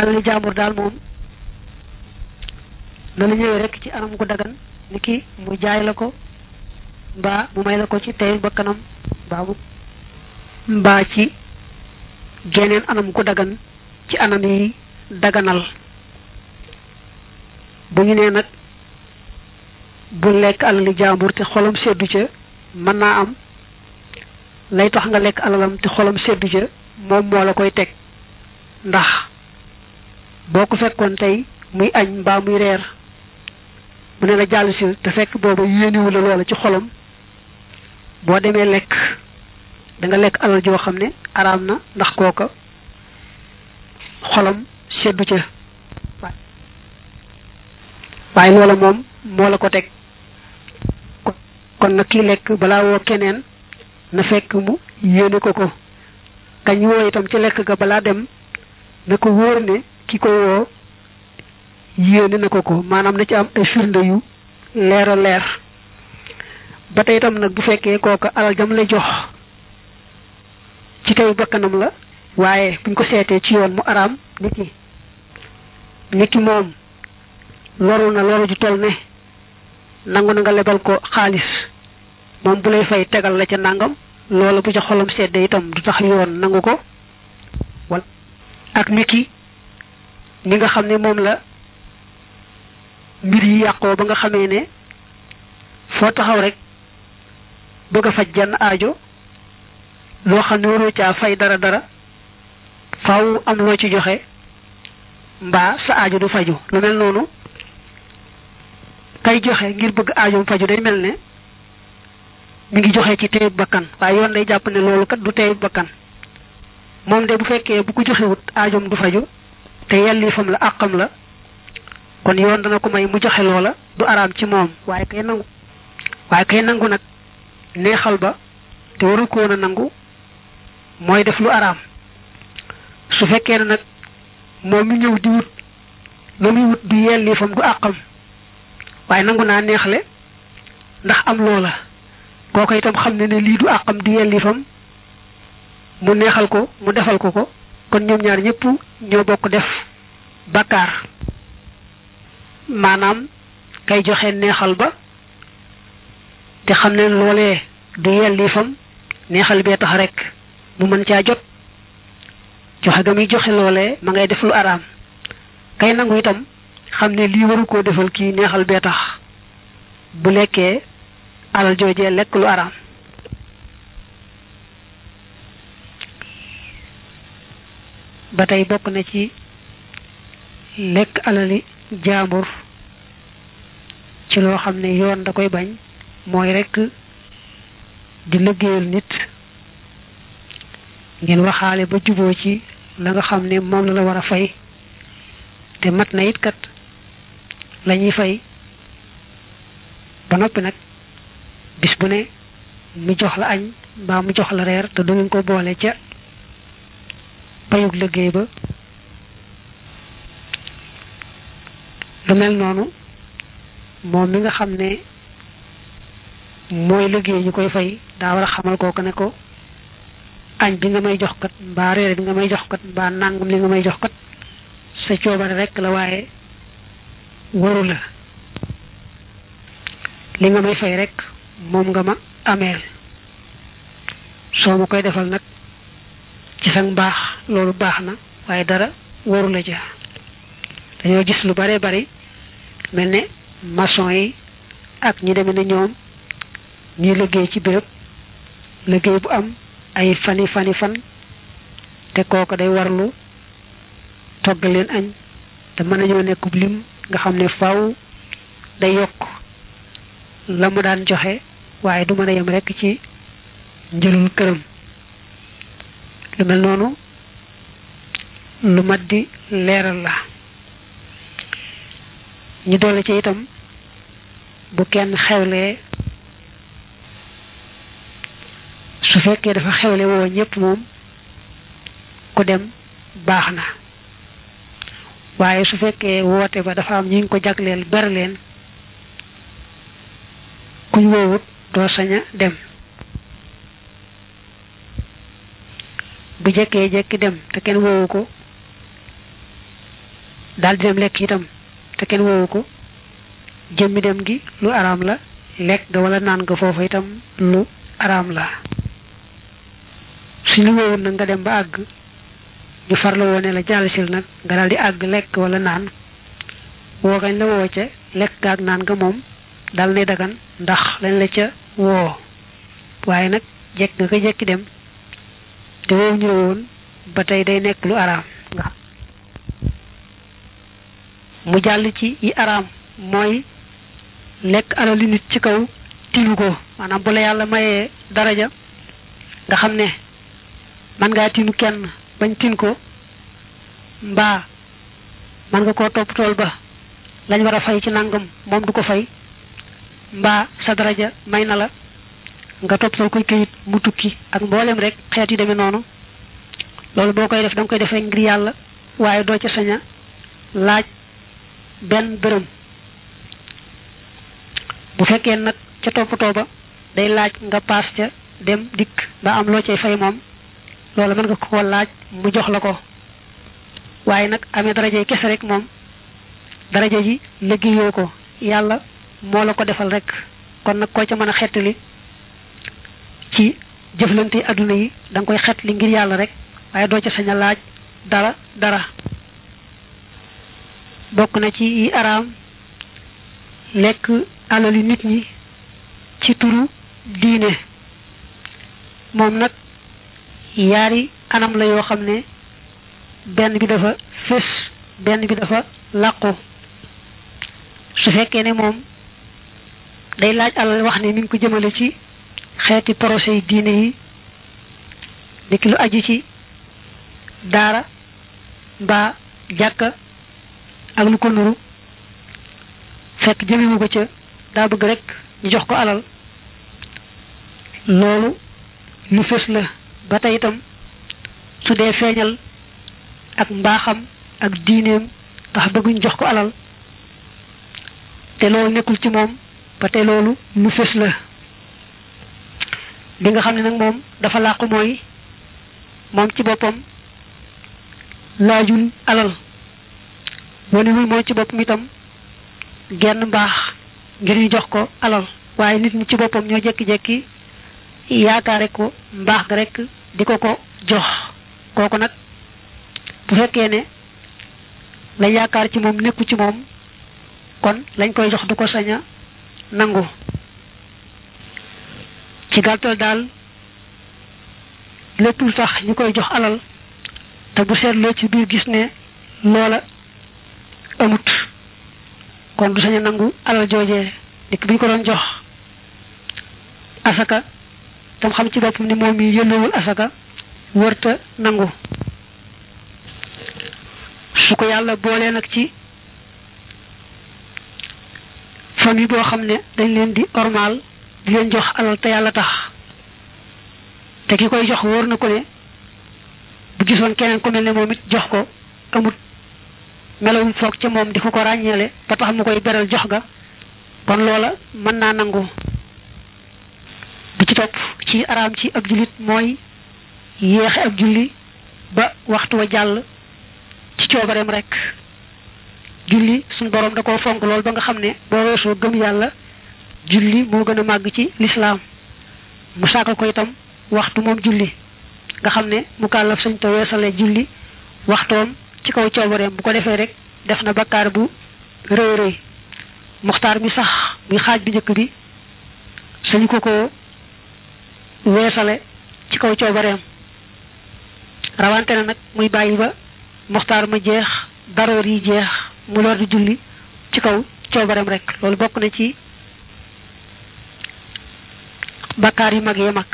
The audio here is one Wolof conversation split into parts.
alali jàmbur daal moom na la ñëwee rek ci anam gu dagan ni ki mu jaay la ko mbaa mu may la ko ci tey ba kanam mbaa mu mbaa ci geneen anam gu dagan ci anam yi daganal bu ñu nee nag bu lekk alali jàmbur te xolam seddu ca mën naa am lay tax nga lekk alalam te xolam seddu ca moom moo la koy teg ndax boo ko fekkoon tey muy añ mbaam muy reer mu ne la jàll si te fekk booba yéeniwu la loola ci xolam boo demee lekk danga nga lekk alal joo xam ne araam na ndax kooka xolam seddu ca waaye loola moom moo la ko teg kon nag ki lekk balaa woo keneen na fekk mu yéene ko ko kañ woo itam ci lekk ga balaa dem na ko wóor ne ki ko woo yéene na ko ko maanaam na ci am ay firnde yu leer leer ba tey itam nag bu fekkee kooka alal jam lay jox ci tey bakkanam la waaye buñ ko seetee ci yoon mu araam nit ki moom loru na loru ju toll ne nangu na nga lebal ko xaalis moom bu lay fay tegal la ca nangam loola bu ca xolam seddee itam du tax yoon nangu ko wal ak niki ni nga xam ne moom la mbir yi yàqoo ba nga xamee ne foo taxaw rek bëgg faj jenn ajo loo xam ne waroo caa fay dara dara faaw am loo ci joxe mbaa sa aajo du faju lu mel noonu kay joxe ngir bëgg aajoom faju day mel ne mu ngi joxe ci teyub bakkan waaye yoon day jàpp ne loolu kat du teyub bakkan moom de bu fekkee bu ko joxewut aajoom du faju te yelliifam la àqam la kon yoon dana ko may mu joxe loola du araam ci moom waaye kay nangu waaye kay nangu nag neexal ba te waru ko woon nangu mooy def lu araam su fekkee ne nag moom mi ñëw di wut lu muy wut du yelliifam du àqam waaye nangu naa neexle ndax am loola kooko itam xam ne ne lii du àqam du yelliifam mu neexal ko mu defal ko ko kon ñoom ñaar ñëpp ñoo bokk def bakkaar maanaam ngay joxe neexal ba te xam ne loolee du yelliifam neexal bee tax rek mu mën caa jot joxe ga muy joxe loolee ma ngay def lu araam kay nangu itam xam ne lii waru koo defal kii neexal bee tax bu lekkee alal joojee lekk lu araam ba tey bokk na ci lekk alali jaambur ci loo xam ne yoon da koy bañ mooy rekk di liggéeyal nit ngeen waxaale ba juboo ci la nga xam ne moom la la war a fay te mat na it kat lañuy ñuy fay ba noppi nag bis bu ne mu jox la añ mbaa mu jox la reer te du ngeen ko boole ca payug liggéey ba lu mel noonu moom mi nga xam ne mooy liggéey ñu koy fay daa a xamal koo ko ne ko añ bi nga may jox kat mbaa reere bi nga may jox kat mbaa nangam li nga may jox kat sa coobare rek la waaye waru la li nga may fay rek moom nga ma ameel soo ma koy defal nag ci sa mbaax loolu baax na waaye dara waru ja dañoo gis lu bare bari mel ne mason yi ak ñi demee ne ñoom ñuy liggéey ci béréb liggéey bu am ay fani fani fan te kooku day warlu togg leen añ te mën nañoo nekkub lim nga xam ne faaw day yokk la mu daan joxe waaye du mën a yem rekk ci njëlul këram lu mel noonu lu mat di leeral la ñu doole ci itam bu kenn xewlee su fekkee dafa xewle woo ñëpp moom ku dem baax na waaye su fekkee woote ba dafa am ñu ngi ko jagleel bari leen kuñ woowut doo sañ dem bu jëkkee jekki dem te kenn woowu ko daal di dem lekk itam te kenn woowu ko jëmmi dem gi lu araam la lekk ga wala naan ga foofa itam lu araam la suñu woowoon nag nga dem ba àgg ñu farla woone la jàll nag nga daal di àgg lekk wala naan woo gañ la woo ca lekk ga ak naan ga moom dal nay dagan ndax lañ la ca woo waaye nag jekk nga ko jekki dem te woowu la woon ba tey day nekk lu araam mu jàll ci yi araam mooy lekk alali nit ci kaw tilu ko maanaam bu la yàlla mayee daraja nga xam ne man ngaa tinu kenn bañ tin ko mbaa man nga ko topp tool ba lañ war a fay ci nangam moom du ko fay mbaa sa daraja may na la nga topp soo koy këyit mu tukki ak mbooleem rek xeet yi demee noonu loolu boo koy def danga nga koy defee ngir yàlla waaye doo ca sañ laaj benn dërëm bu fekkee nag ca toppatoo ba day laaj nga paas ca dem dikk ba am loo cay fay moom loolu mën nga ko laaj mu jox la ko waaye nag amee daraje kese rek moom daraje ji liggéeyoo ko yàlla moo la ko defal rek kon nag koo ca mën a xettali ci jëflante àdduna yi da nga koy xettali ngir yàlla rek waaye doo ca sañ a laaj dara dara bokk na ci yi araam lekk yi nit ñi ci turu diine moom nag yaari anam la yoo xam ne benn bi dafa fés benn bi dafa làqu su fekkee ne moom day laaj alal wax ne mi ngi ko jëmale ci xeeti projet yi diine yi niki lu aju ci daara mbaa jàkka ak lu ko nuru fekk jëmewu ko ca daa bëgg rek ñu jox ko alal loolu lu fës la ba tey itam su dee feeñal ak mbaaxam ak diineem ndax bëgguñ jox ko alal te loolu nekkul ci moom ba tey loolu lu fës la bi nga xam ne nag moom dafa làqu mooy moom ci boppam laajul alal wane waliwu moom ci boppam itam genn mbaax ngir ñu jox ko alal waaye nit ñi ci boppam ñoo jékki-jékki yaakaare ko mbaax ga rek di ko ko jox kooku nag bu fekkee ne la yaakaar ci moom nekku ci moom kon lañ koy jox du ko saña a nangu ci gàttal daal lépp lu tax ñu koy jox alal te bu seetloo ci biir gis ne loola amut kon du sañ nangu alal joojee nit bu ñu ko doon jox asaka tam xam ci boppam ni moom yi yëlloowul asaka wërta nangu su ko yàlla boolee nag ci famille boo xam ne dañ leen di ormal di leen jox alal te yàlla tax te ki koy jox wóor na ko ne bu gisoon keneen ku mel ne moom it jox ko amut melawuñ foog ca moom di ko ko ràññeele ba tax mu koy beral jox ga kon loola mën naa nangu bi ci topp ci araam ci ab jullit mooy yéexe ab julli ba waxtu wa jàll ci coobareem rek julli suñ boroom da koo fonk lool ba nga xam ne boo weesoo gëm yàlla julli moo gën a màgg ci lislaam mu sàkkal ko itam waxtu moom julli nga xam ne mu kàllaf sañ te weesale julli waxtoom ci kaw coobareem bu ko defee rek def na bakkaar bu rëy rëy muxtaar mi sax muy xaaj bi njëkk bi suñu ko ko weesale ci kaw coobareem rawante na nag muy bàyyi ba muxtaar ma jeex daroor yi jeex mu lor di julli ci kaw coobareem rek loolu bokk na ci bakkaar yu mag yi mag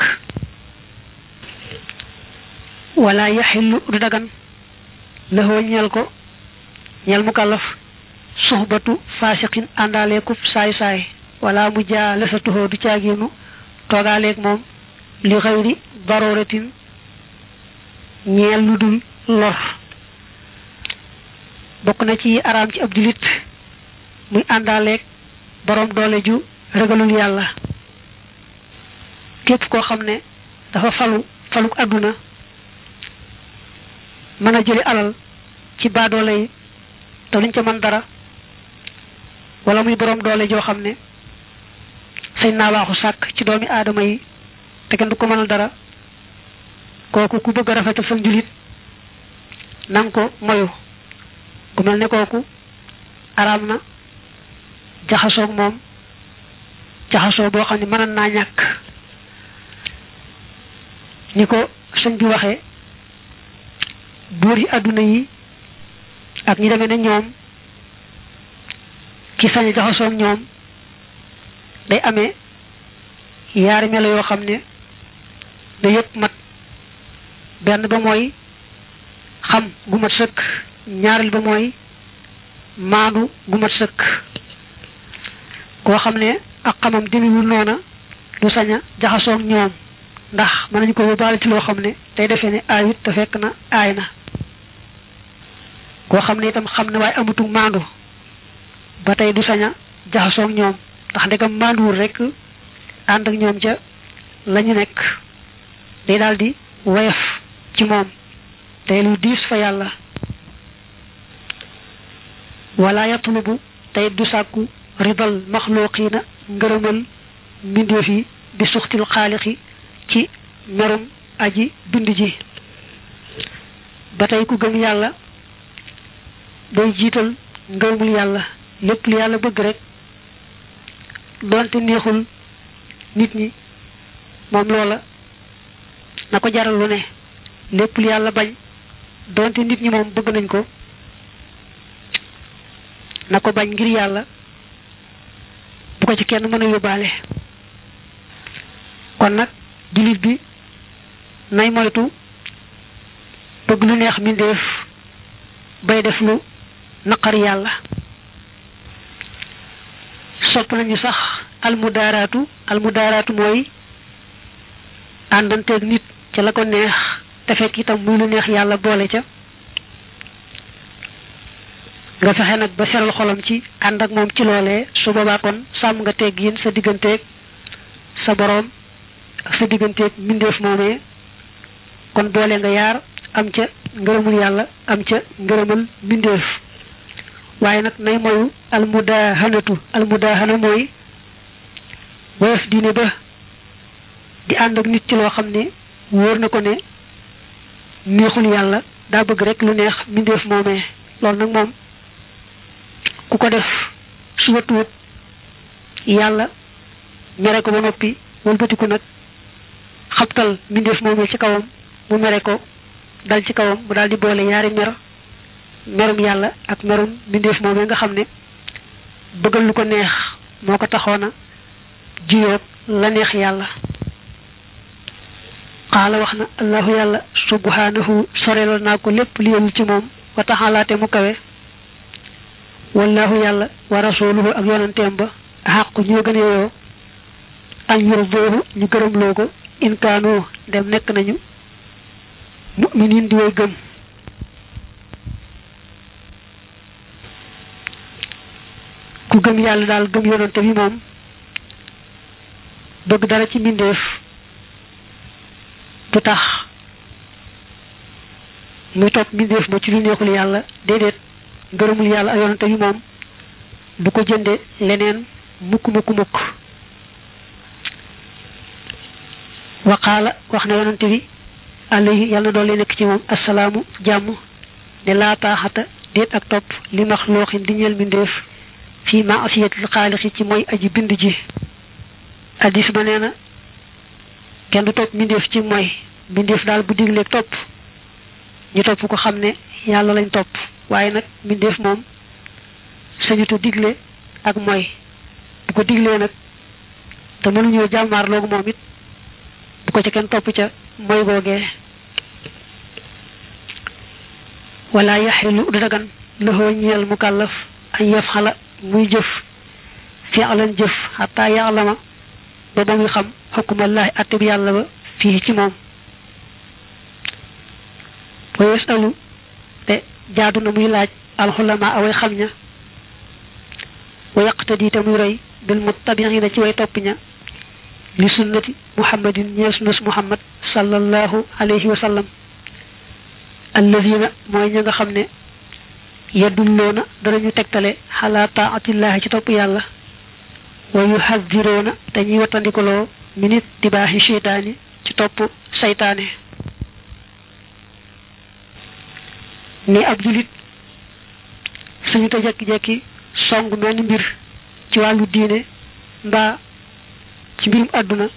wala yaxillu du dagan lëxoo ñeel ko ñeel mu kàllaf suxbatu faasiqin àndaaleekub saay saay wala mu jaa lesatuhoo du caageenu toogaaleeg moom li xëyri barooratin ñeel lu dul lor bokk na ci araam ci ab muy àndaaleeg boroom doole ju ragalul yàlla képp koo xam ne dafa falu faluk àdduna mën a jëli alal ci baadoole yi te luñ ca mën dara wala muy borom doole joo xam ne sañ naa waaxu sàkk ci doomi aadama yi te kenn du ko mënal dara kooku ku bëgg a rafetal sa njulit nang ko moyu ku mel ne kooku araam na jaxasoog moom jaxasoo boo xam ne mënan naa ñàkk ni ko sëñ bi waxee buur yi àdduna yi ak ñi deme ne ñoom ki sañ jaxasoog ñoom day ame yaari melo yoo xam ne da yëpp mat benn ba mooy xam gu mat sëkk ñaareel ba mooy maandu gu mat sëkk koo xam ne ak xamam demewul noona du sañ a jaxasoog ñoom ndax mën nañu ko yóbbaale ci loo xam ne day defe ne aayut te fekk na aay na koo xam ne itam xam ne waaye amatu maandu ba tey du saña a jaxasoog ñoom ndax ndegam maanduwul rek ànd ak ñoom ca la nekk day daal di woyof ci moom tey lu diis fa yàlla wala yatlubu tey du sàkku ridal maxluqiina ngërëmal mbindeef yi bi suxtil xaalixi ci merum aji bind ji ba tey ku gëm yàlla day jiital ngërëmul yàlla lépp lu yàlla bëgg rek doonte neexul nit ñi moom loola na ko jaral lu ne lépp yàlla bañ doonte nit ñi moom bëgg nañ ko na ko bañ ngir yàlla bu ko ci kenn mën a yóbbaale kon nag jullit bi nay moytu bëgg lu neex mbindeef bay def lu naqar yàlla sopp nañu sax almudaaraatu daaraatu mooy àndanteeg nit ca la ko neex te fekk itam muy lu neex yàlla boole ca nga fexe nag ba seral xolam ci ànd ak moom ci loolee su boobaa kon sàmm nga teg yéen sa digganteeg sa boroom ak sa digganteeg mbindeef moomee kon boole nga yaar am ca ngërëmul yàlla am ca ngërëmul mbindeef waaye nag nay moyu almudahanatu almudahana mooy woyof diine ba di ànd nit ci loo xam ne wóor na ko ne neexul yàlla daa bëgg rek lu neex mbindeef moomee loolu nag moom ku ko def su watuwut yàlla mere ko ba noppi ko nag xabtal mbindeef moomee ci kawam mu mere ko dal ci kawam mu daal di boole ñaari mer merum yàlla ak merum mbindeef moom nga xam ne bëggal lu ko neex moo ko taxoona jiyoog la neex yàlla xaala wax na allahu yàlla subhanahu sorelal naa ko lépp li yellu ci moom wa taxalaate mu kawe wallahu yàlla wa rasuluhu ak yonanteem ba xàq ñoo gën a yeyoo an yurdoohu ñu gërëmloo ko inkaanoo dem nekk nañu muminin di way gëm ku gëm yàlla daal gëm yonante bi moom bëgg dara ci mbindeef du tax muy topp mbindeef ma ci lu yàlla déedéet ngërëmul yàlla ak yonante bi moom du ko jëndee leneen mukk mukk mukk waqaala wax na yonante bi alayhi yàlla na doon nekk ci moom asalaamu jàmm ne laa taaxata déet ak topp li max looxin di ñeel fii ma asiyatil xaalis yi ci mooy aji bind ji addis ba nee na kenn du topp mbindeef ci mooy mbindeef daal bu digleeg topp ñu topp ko xam ne yàlla lañ topp waaye nag mbindeef moom sañutu digle ak moy bu ko digle nag te mënuñoo jàmmaar loogu moom it bu ko ca kenn topp ca mooy googee wala yaxrilu du dagan loxoo ñeel mukallaf an yaf xala muy jëf fi'lan jëf xataa ya'lama ba ba nga xam xukkumallaahi atte bi yàlla ba fii ci moom wa yasalu te jaadu na muy laaj alxulama away xam ña wa yaqtadi te muy roy bil muttabiina ci way topp ña li sunnati muhammadin ñee sunnas muhammad sallallahu alayhi wa sallam allazina mooy ña nga xam ne dana ñu tegtale xalaa taatillahi ci topp yàlla wa yuhadiroona dañuy wattandikoloo minit di yu seytaani ci topp seytaane ne ab julit suñu te jekki-jekki song menn mbir ci wàllu diine mbaa ci mbirum àdduna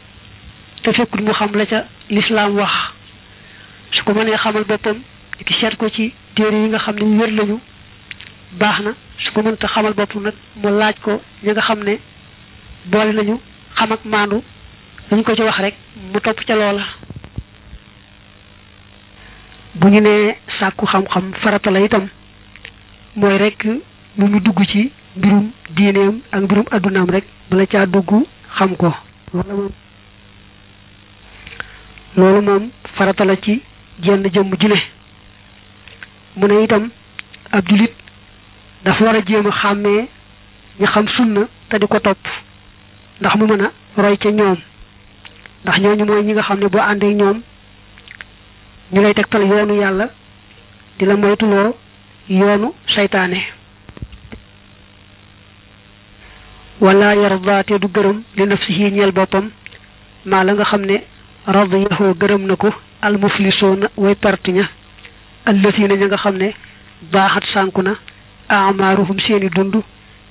te fekkul mu xam la ca lislaam wax su ko mënee xamal boppam ki seet ko ci téere yi nga xam ne wér lañu baax na su ko mënta xamal boppam nag mu laaj ko ñi nga xam ne boole nañu xam ak maandu luñ ko ci wax rek mu topp ca loola. bu ñu nee sàkku xam-xam farata itam mooy rek mu ñu dugg ci mbirum diineem ak mbirum àddunaam rek bala caa dugg xam ko. loolu moom farata la ci jenn jëmm ju ne mu ne itam ab jullit dafa war a jéem xàmmee ñi xam sunn te di ko topp ndax mu mën a roy ca ñoom ndax ñooñu mooy ñi nga xam ne boo àndee ñoom ñu lay tegtal yoonu yàlla di la moytuloo yoonu saytaane wala yarda te du gërëm li nafsihi ñeel boppam maa la nga xam ne radiyahu gërëm na ko almuflisoona way perte ña allazina ña nga xam ne baaxat sànku na amaaruhum seeni dund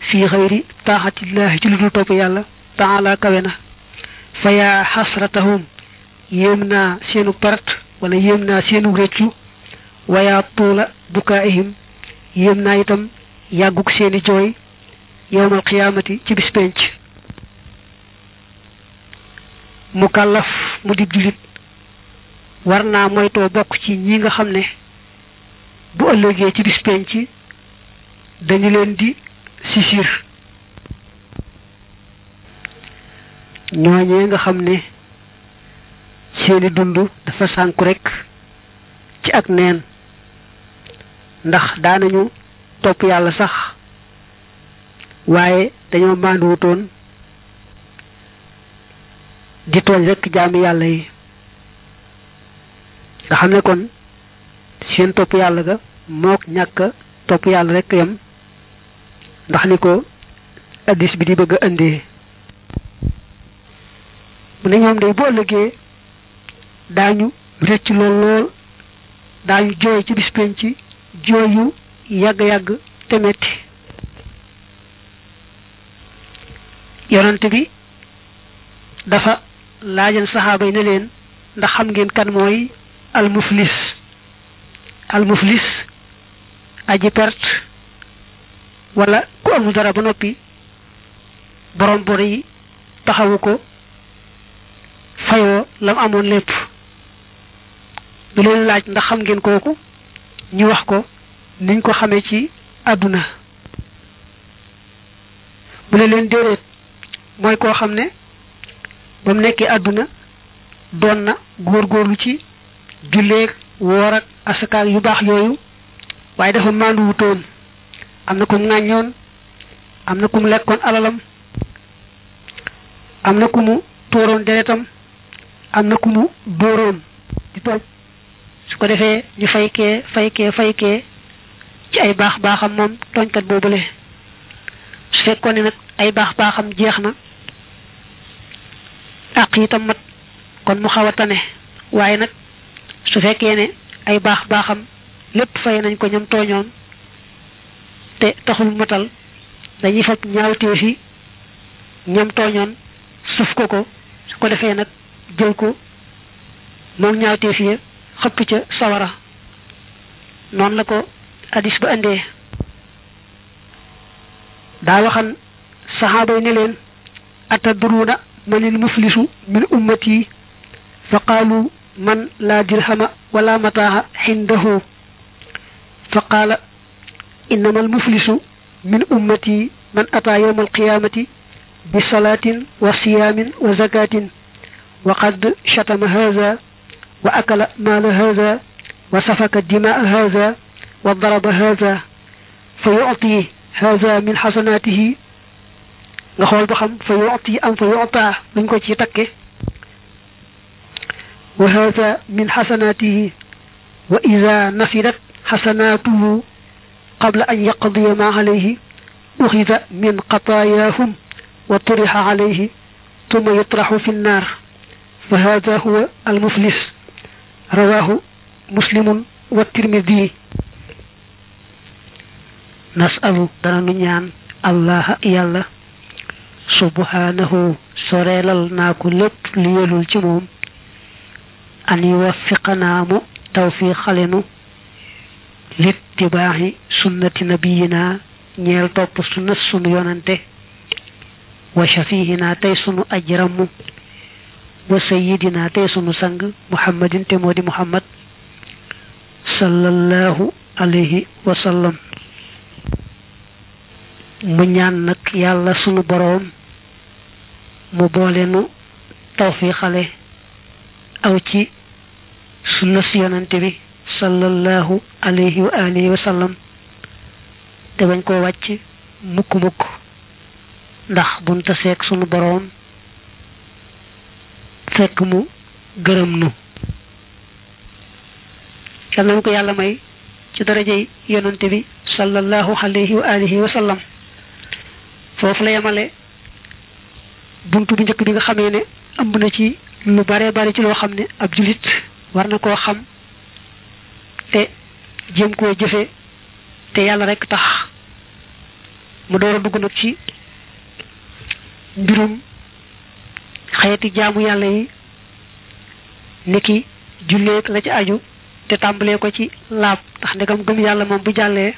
fii xayri taaxatillaahi ci topp yàlla taala kawe na fa yaa xasratahum yéem naa seenu perte wala yéem naa seenu rëccu wayaa tuula bukaayihim yéem naa itam yàgguk seeni jooy yowmal xiyaamati ci bis penc mu kàllaf mu dib julit war naa moytoo bokk ci ñi nga xam ne bu ëllëgee ci bis penc dañu leen di sisir ñooñee nga xam ne seeni dund dafa sànku rekk ci ak neen ndax daanañu topp yàlla sax waaye dañoo maanduwutoon di tooñ rekk jaami yàlla yi nga xam ne kon seen topp yàlla ga mook ñàkk topp yàlla rekk yam ndax ni ko addis bi di bëgg a mu ne ñoom day bu ëllëgee daañu rëcc lool lool daañu jooy ci bis penc jooy yu yàgg-yàgg te metti yonent bi dafa laajal saxaaba yi ne leen ndax xam ngeen kan mooy almuflis almuflis aji perte wala ku amul dara ba noppi borom bu rëy taxawu ko la lam amoon lépp bi leen laaj ndax xam ngeen kooku ñu wax ko niñ ko xamee ci àdduna bu ne leen déedéet mooy koo xam ne ba mu nekkee àdduna doon na góor góorgóorlu ci julleeg woor ak asakaak yu baax yooyu waaye dafa mànduwutoon am na kum ŋàññoon am na kum lekkoon alalam am na kumu tóoroon deretam am na kumu dóoroon di tooñ su ko defee ñu faykee faykee faykee ci ay baax baaxam moom tooñkat boobule su fekkoon ni nag ay baax baaxam jeex na àq yitam mat kon mu xaw a tane waaye nag su fekkee ne ay baax baaxam lépp faye nañ ko ñam tooñoon te taxul matal dañuy fab ñaawteef yi ñoom tooñoon sëf ko ko su ko defee nag jël ko moom ñaawteef xëpp ca sawara noonu la ko hadis ba indee daa waxan saxaaba yi ne leen atadruuna manil muflisu min ummati fa qaalu man laa dirhama wala mataaha xindahu fa qaala innamal muflisu min ummati man ataa yawma alqiyamati bi salaatin wa siyaamin wa zakatin wa qad shatama haza wa akala maala haza wa safaka dimaa haza wa daraba haza fa yuti haza min xasanaatihi nga xool ba xam fa yuti am fa yutaa luñ ko ci takke wa haza min xasanaatihi wa ida nafidat xasanaatuhu qabla an yaqdiya ma alayhi uxida min qatayaahum wa turixa alayhi tuma yutraxu fi nnaar fa hada huwa almuflis rawahu muslimun wa tirmidi nasalu dana nu ñaan allaha yàlla subhanahu soreelal naa ko lépp lu yelul ci moom an yuwaffiqanaa mu tawfiqalenu littibaaxi sunnati nabiyina ñeel topp sunna sunu yonante wa shafihina tey sunu ajramu wa sayidina tey sunu sang muhammadin te moo muhammad sallallahu alayhi wa sallam mu ñaan nag yàlla sunu boroom mu boole nu tawfiixale aw ci sunna si yonante bi sallallahu alayhi wa alihi wa sallam te ko koo wàcc mukk mukk ndax buñ taseeg sunu boroom fekk mu gërëm nu nañ ko yàlla may ci darajey yonante bi sallallahu alayhi wa alihi wa sallam foofu la yemale buntu bu njëkk bi nga xamee ne ëmb na ci lu bare bare ci loo xam ne ab jullit war na koo xam te jéem koo jëfe te yàlla rekk tax mu door a dugg nag ci mbirum xeeti jaamu yàlla yi niki julleeg la ci aju te tàmbalee ko ci laab ndax ndegam gëm yàlla moom bu jàllee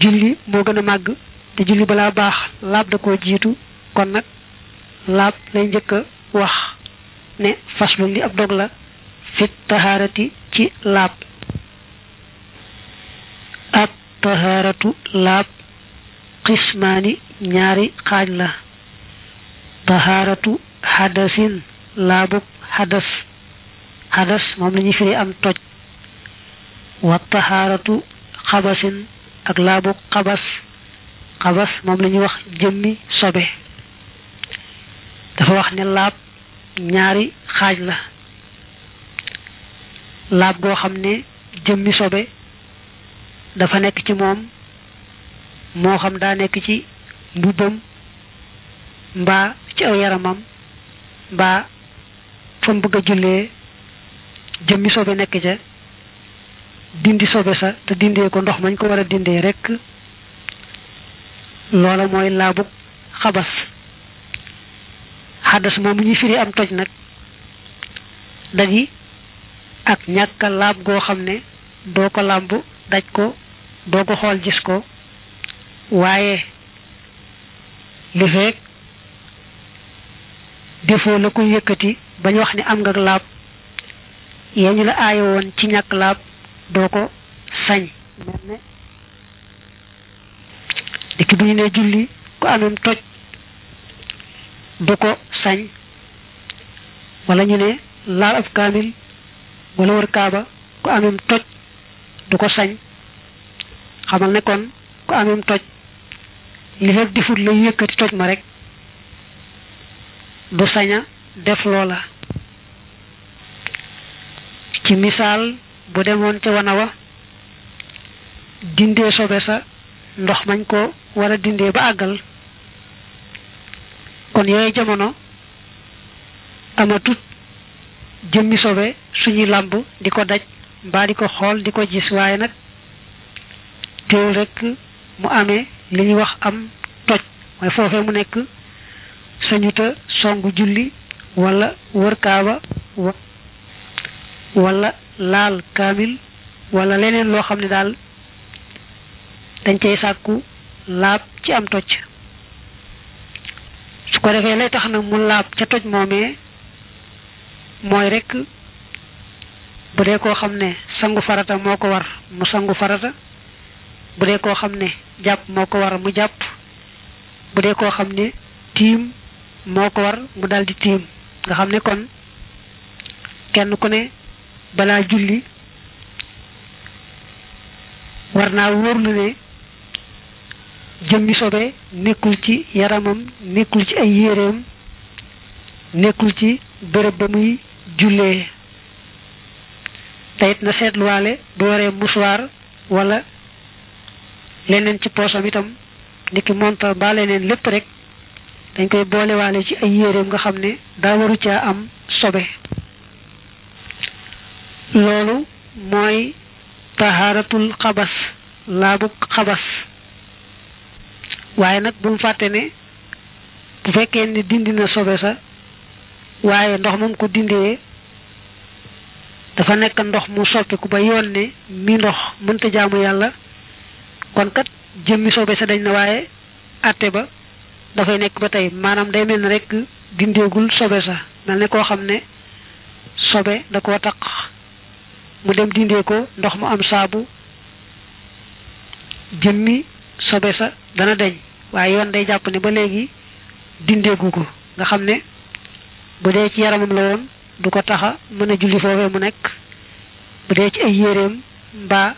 julli moo gën a màgg te julli balaa baax laab da koo jiitu kon nag laab lay njëkk a wax ne faslu li ab dog la fit tahaarati ci laab at taharatu laab qismaani ñaari xaaj la taharatu xadasin laabub xadas xadas moom la ñuy firi am toj wa taharatu xabasin ak laabub xabas xabas moom lañuy ñuy wax jëmmi sobe dafa wax ne laab ñaari xaaj la laab goo xam ne jëmmi sobe dafa nekk ci moom moo xam daa nekk ci mbubbam mbaa ci aw yaramam mbaa fa mu bëgg a jullee jëmmi sobe nekk ca dindi sobe sax te dindee ko ndox mañ ko war a dindee rekk loola mooy laabu xabas xaddas moom mu ñuy firi am toj nag dadi ak ñàkk a laab goo xam ne doo ko làmb daj ko doo ko xool gis ko waaye li feek defoo la koy yëkkati bañ wax ni am nga laab yee ñu la aaye woon ci ñàkk laab doo ko sañ mel ne bu ñu ne julli ku amem toj du ko sañ wala ñu ne laal ab kaamil wala wër kaaba ku amim toj du ko sañ xam ne nekkoon ku amim toj li fekk di fut lay yëkkati toj ma rek du saña def loola ci misaal bu demoon ca wana wa dindee sobe sa ndox mañ ko war a dindee ba àggal kon yooyu jamono amatut jëmmi sobe suñuy làmb di ko daj mbaa di ko xool di ko gis waaye nag teewul rek mu amee li ñuy wax am toj mooy foofee mu nekk sañuta songu julli walla wër kaaba wala laal kaamil wala leneen loo xam ne daal dañ cey sàkku laab ci am toj su ko defee lay tax nag mu laab ca toj moomee mooy rekk bu dee koo xam ne sangu farata moo ko war mu sangu farata bu dee koo xam ne jàpp moo ko war mu jàpp bu dee koo xam ne tiim moo ko war mu daldi tiim nga xam ne kon kenn ku ne balaa julli war naa wóorlu ne jëmmi sobe nekkul ci yaramam nekkul ci ay yéreem nekkul ci bërëb ba muy jule tayit na seetluwaale bu waree muswaar wala leneen ci poosam itam niki montar ba leneen lépp rek dañ koy boolewaale ci ay yéreem nga xam ne daa waru caa am sobe loolu mooy tahaaratul xabas laabu xabas waaye nag bu mu fàtte ne bu fekkee ni dindina sobe sa waaye ndox moom ko dindee dafa nekk ndox mu soppiku ba yoon ne mi ndox mënta jaamu yàlla kon kat jëmmi sobe sa dañ na waaye àtte ba dafay nekk ba tey maanaam day mel ne rek dindeegul sobe sa mel ne koo xam ne sobe da koo taq mu dem dindee ko ndox mu am saabu jëmmi sobe sa dana deñ waaye yoon day jàpp ne ba léegi dindeegu ko nga xam ne bu dee ci yaramam la woon du ko taxa mën a julli foofee mu nekk bu dee ci ay yéreem mbaa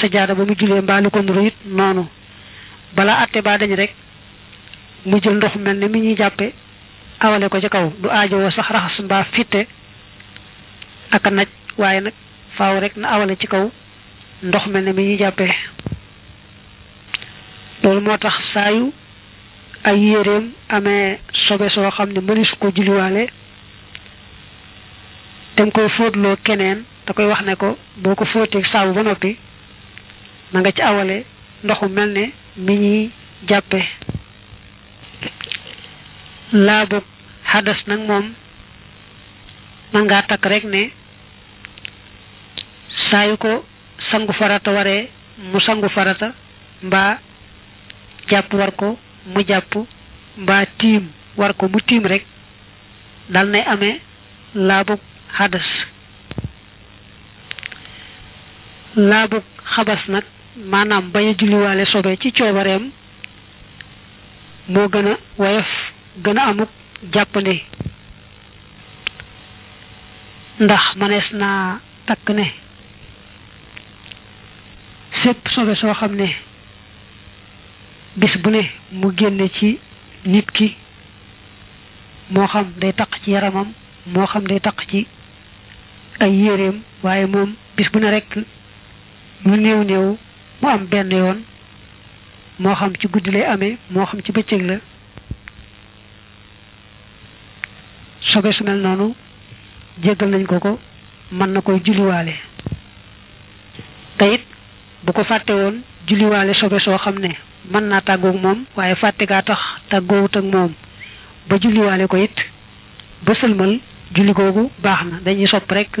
sajaada ba mu jullee mbaa lu ko nuru it noonu bala àtte baa dañ rek mu jël ndox mel ne mi ñuy jàppe awale ko ci kaw du aajowoo sax raxas mbaa fitte ak a naj waaye nag faw rek na awale ci kaw ndox mel ne mi ñuy jàppe loolu moo tax saa yu ay yéreem amee sobe soo xam ne mënees ko julliwaale dem koy fóotloo keneen da koy wax ne ko boo ko fóotee saabu ba noppi na nga ci awale ndoxu mel ne mu ñuy jàppe laabu xadas nag moom mën ngaa takk rek ne saa yu ko sangu farata waree mu sangu farata mbaa jàpp war ko mu jàpp mbaa tiim war ko mu tiim rek dal nay ame laabug xadas laabug xabas nag maanaam bañ a julliwaale sobe ci coobareem moo gën a woyof gën a amuk jàppandi ndax mënees naa takk ne sépp sobe soo xam ne bis bu ne mu génne ci nit ki moo xam day taq ci yaramam moo xam day taq ci ay yéreem waaye moom bis bu ne rek lu néew néew mu am benn yoon moo xam ci guddi lay amee moo xam ci bëccëg la sobe su mel noonu jéggal nañ ko ko mën na koy julliwaale te it bu ko fàtte woon julliwaale sobe soo xam ne mën naa tàggook moom waaye fàtte gaa tax tàggoowut ak moom ba julliwaale ko it ba sëlmal julli googu baax na dañuy sopp rek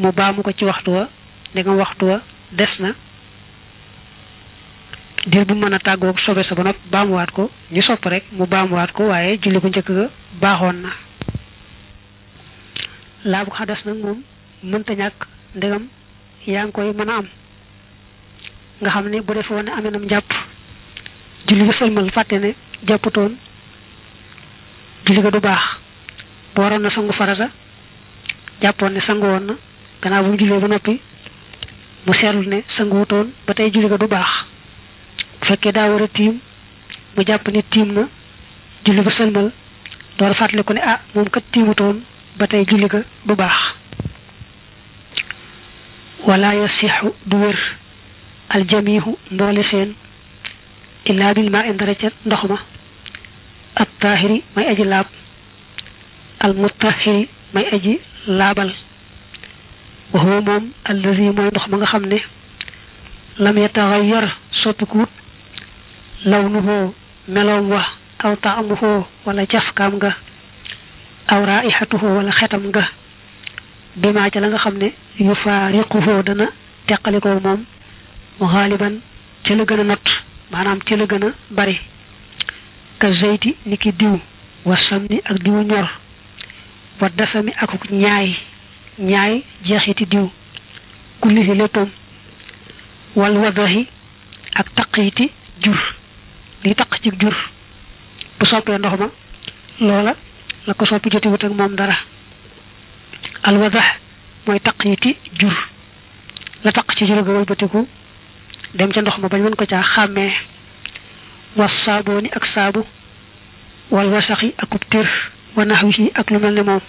mu baamu ko ci waxtu wa ndegam waxtu wa des na diir bu mën a tàggoog sobe sa ba noppi baamuwaat ko ñu sopp rek mu baamuwaat ko waaye julli ko njëkk baaxoon na laabu xadas nag moom mënta ñàkk ndegam yaa ngi koy mën a am nga xam ne bu defoon ne amee nam njàpp julli ba sëlmal fàtte ne jàpputoon julli ga du baax bu waroon na sangu farata jàppoon ne sangu woon na gannaaw bu mu jullee ba noppi mu seetlu ne sangu wutoon ba tey julli ko du baax bu fekkee daa war a tiim mu jàpp ne tiim na julli ba sëlmal door fàttaliku ne ah moom kat tiimutoon ba tey julli ga du baax wala yasixu du wér aljamihu mboole seen illaa bil ma indara ca ndox ma attaahiri may aji laab almutahiri may aji laabal wa moom allazi mooy ndox ma nga xam ne lam yataxayyar soppikuut lawnuhu meloom wa aw taamuhu wala cafkaam nga aw raihatuhu wala xetam nga bimaa ca la nga xam ne yu faariquhu dana teqalikoo moom xaaliban ca gën a not maanaam ca la gën a bari ka zeyti ni diw war samni ak diwu ñor war dasami akuk ñaay ñaay jeexiti diw kullihi léppam wal wadahi ak taqyiti jur li taq ci jur bu soppee ndox ma loola la ko soppi joti wut ak moom dara al wadax mooy taqyiti jur la taq ci jur ga walbatiku dem ca ndox ma bañ mën ko caa xàmmee was saabooni ak saabu wal wasaxi akub tir wa naxwihi ak lu mel ne moom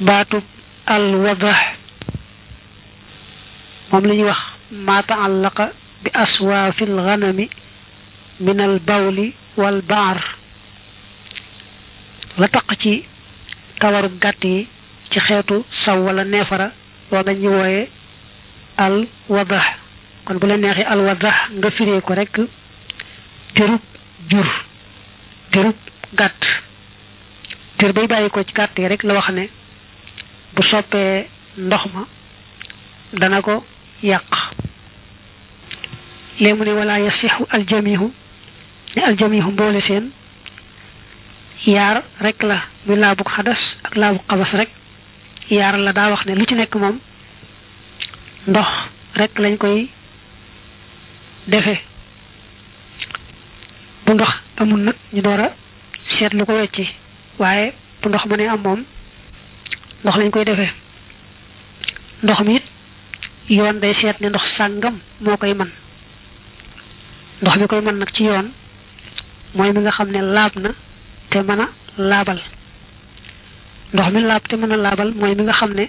baatub al wadax moom la ñuy wax ma taallaqa bi aswaafi al ganami min al bawli wal baar la taq ci kawaru gàtt yi ci xeetu saw wala neefara loolu dañuy wooye al wadax kon bu la neexee alwadax nga firee ko rek tërub jur tërub gàtt tër bay bàyyi ko ci gàtt yi rek la wax ne bu soppee ndox ma dana ko yàq léegi mu ne wala yasixu aljamihu ne aljamihu mboole seen yaar rekk la muy laabu xadas ak laabu xabas rek yaar la daa wax ne lu ci nekk moom ndox rekk lañ koy defe bu ndox amul nag ñu door a seet lu ko ci waaye bu ndox ne am moom ndox lañ koy defee ndox mi it yoon day seet ne ndox sàngam moo koy man ndox mi koy man nag ci yoon mooy mi nga xam ne laab na te mën a laabal ndox mi laab te mën a laabal mooy mi nga xam ne